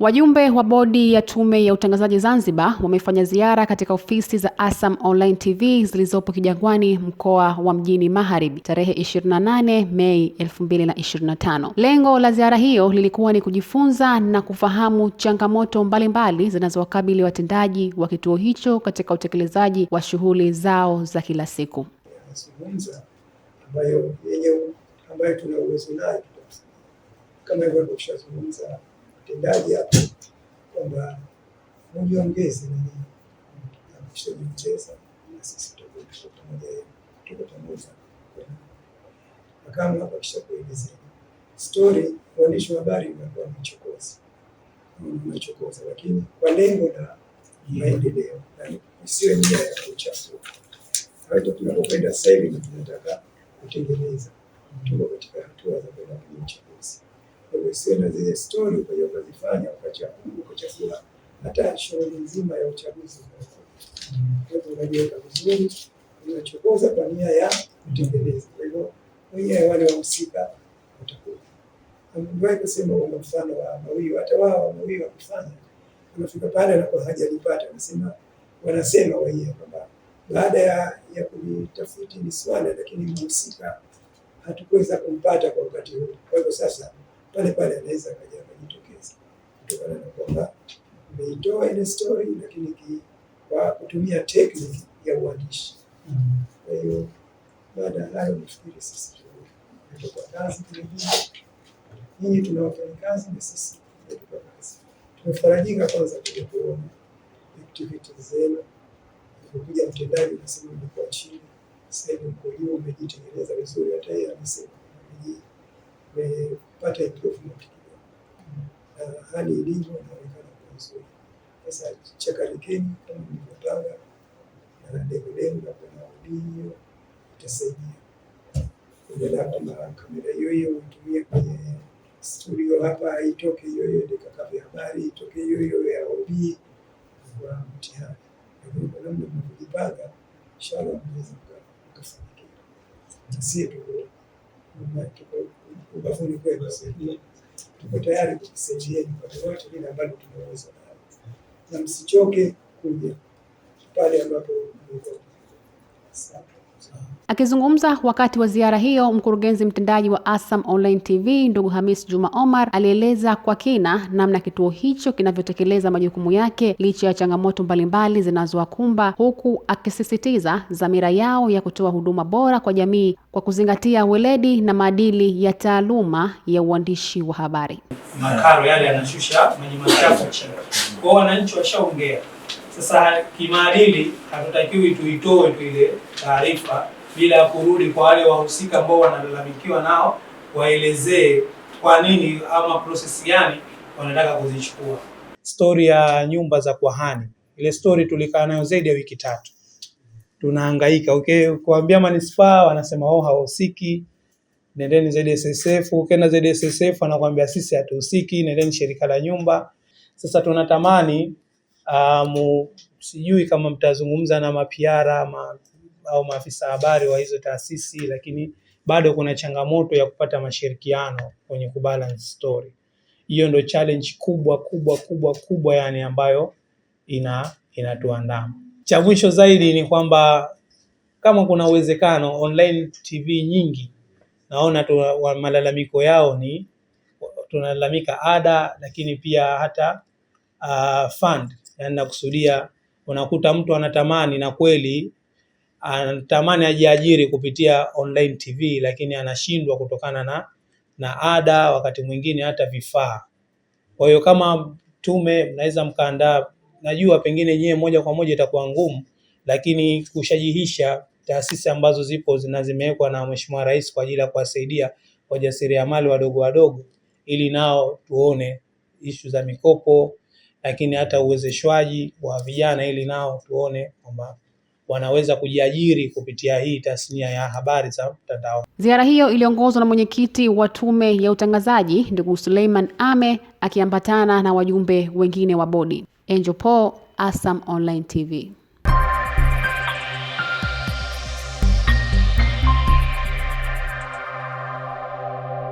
Wajumbe wa bodi ya tume ya utangazaji Zanzibar wamefanya ziara katika ofisi za Asam Online TV zilizopo Kijangwani, mkoa wa Mjini Magharibi tarehe 28 Mei 2025. Lengo la ziara hiyo lilikuwa ni kujifunza na kufahamu changamoto mbalimbali zinazowakabili watendaji wa kituo hicho katika utekelezaji wa shughuli zao za kila siku ambayo, ambayo tuna uwezo nayo kama hivyo tushazungumza mtendaji hapo kwamba mujiongeze mcheza na sisi tuko pamoja. Makamu hapa kisha kuelezea stori, waandishi wa habari wanakuwa mchokozi, unachokoza lakini kwa lengo la maendeleo, sio njia ya kuchafua. Tunapokwenda sasa hivi tunataka kutengeneza, tuko katika hatua za kwenda kwenye uchaguzi kwenye zile stori ukaja ukazifanya ukachafua ukachafua hata shughuli nzima ya uchaguzi unajiweka vizuri, unachokoza kwa nia ya kutengeneza. Kwa hivyo wenyewe wale wahusika watakuwa ambaye kusema una mfano wa Mawio, hata wao Wamawio wakufanya unafika pale na anakuwa hajalipata, nasema wanasema wenyewe kwamba baada ya ya kulitafuti ni swala, lakini mhusika hatukuweza kumpata kwa wakati huu, kwa hivyo sasa pale pale anaweza kaja akajitokeza kutokana na kwamba umeitoa ile story, lakini kwa kutumia tekniki ya uandishi. Kwa hiyo baada ya hayo, nafikiri sisi tumetoka kazi vilevile, nyinyi tuna kazi na sisi tumetoka kazi. Tumefarajika kwanza kuja kuona activity zenu, kuja mtendaji nasema mlikuwa chini, sasa hivi mko juu, umejitengeneza vizuri, hata yeye anasema kupata improvement kidogo, na ah, hali ilivyo inaonekana kuwa nzuri. Sasa chakarekeni kama mlivyopanga na degudegu na hiyo itasaidia kuendelea, kwamba kamera hiyo hiyo uitumie kwenye studio hapa, itoke hiyo hiyo Deka ya habari itoke hiyo hiyo ya OB kwa mtihani, lakini kwa namna mnavyojipanga, inshallah mnaweza mkafanikiwa. Sisi tuko bafuni kwenu, tuko tayari kukusaidieni kwa lolote vile ambavyo tunaweza na msichoke kuja pale ambapo mlikuwa. Akizungumza wakati wa ziara hiyo, mkurugenzi mtendaji wa ASAM Online TV ndugu Hamis Juma Omar alieleza kwa kina namna kituo hicho kinavyotekeleza majukumu yake licha ya changamoto mbalimbali zinazowakumba, huku akisisitiza dhamira yao ya kutoa huduma bora kwa jamii kwa kuzingatia weledi na maadili ya taaluma ya uandishi wa habari. Makaro yale yanashusha maji machafu chini. Kwa wananchi washaongea sasa, kimaadili hatutakiwi tuitoe tu ile taarifa bila ya kurudi kwa wale wahusika ambao wanalalamikiwa nao, waelezee kwa nini ama prosesi gani wanataka kuzichukua. Stori ya nyumba za kwahani, ile stori tulikaa nayo zaidi ya wiki tatu tunahangaika. Okay, kuambia manispaa wanasema wao hawahusiki, nendeni ZSSF. Ukienda ZSSF wanakuambia sisi hatuhusiki, nendeni shirika la nyumba. Sasa tunatamani um, sijui kama mtazungumza na mapiara ama au maafisa habari wa hizo taasisi, lakini bado kuna changamoto ya kupata mashirikiano kwenye kubalance story. Hiyo ndio challenge kubwa kubwa kubwa kubwa, yani ambayo ina inatuandama. Cha mwisho zaidi ni kwamba kama kuna uwezekano, online TV nyingi naona tu malalamiko yao ni tunalalamika ada, lakini pia hata uh, fund, yani nakusudia, unakuta mtu anatamani na kweli anatamani ajiajiri kupitia online TV, lakini anashindwa kutokana na na ada, wakati mwingine hata vifaa. Kwa hiyo kama tume mnaweza mkaandaa, najua pengine nyewe moja kwa moja itakuwa ngumu, lakini kushajihisha taasisi ambazo zipo na zimewekwa na Mheshimiwa Rais kwa ajili ya kuwasaidia wajasiriamali wadogo wadogo, ili nao tuone ishu za mikopo, lakini hata uwezeshwaji wa vijana, ili nao tuone kwamba wanaweza kujiajiri kupitia hii tasnia ya habari za mtandao. Ziara hiyo iliongozwa na mwenyekiti wa Tume ya Utangazaji ndugu Suleiman Ame akiambatana na wajumbe wengine wa bodi. Angel Paul, ASAM Online TV.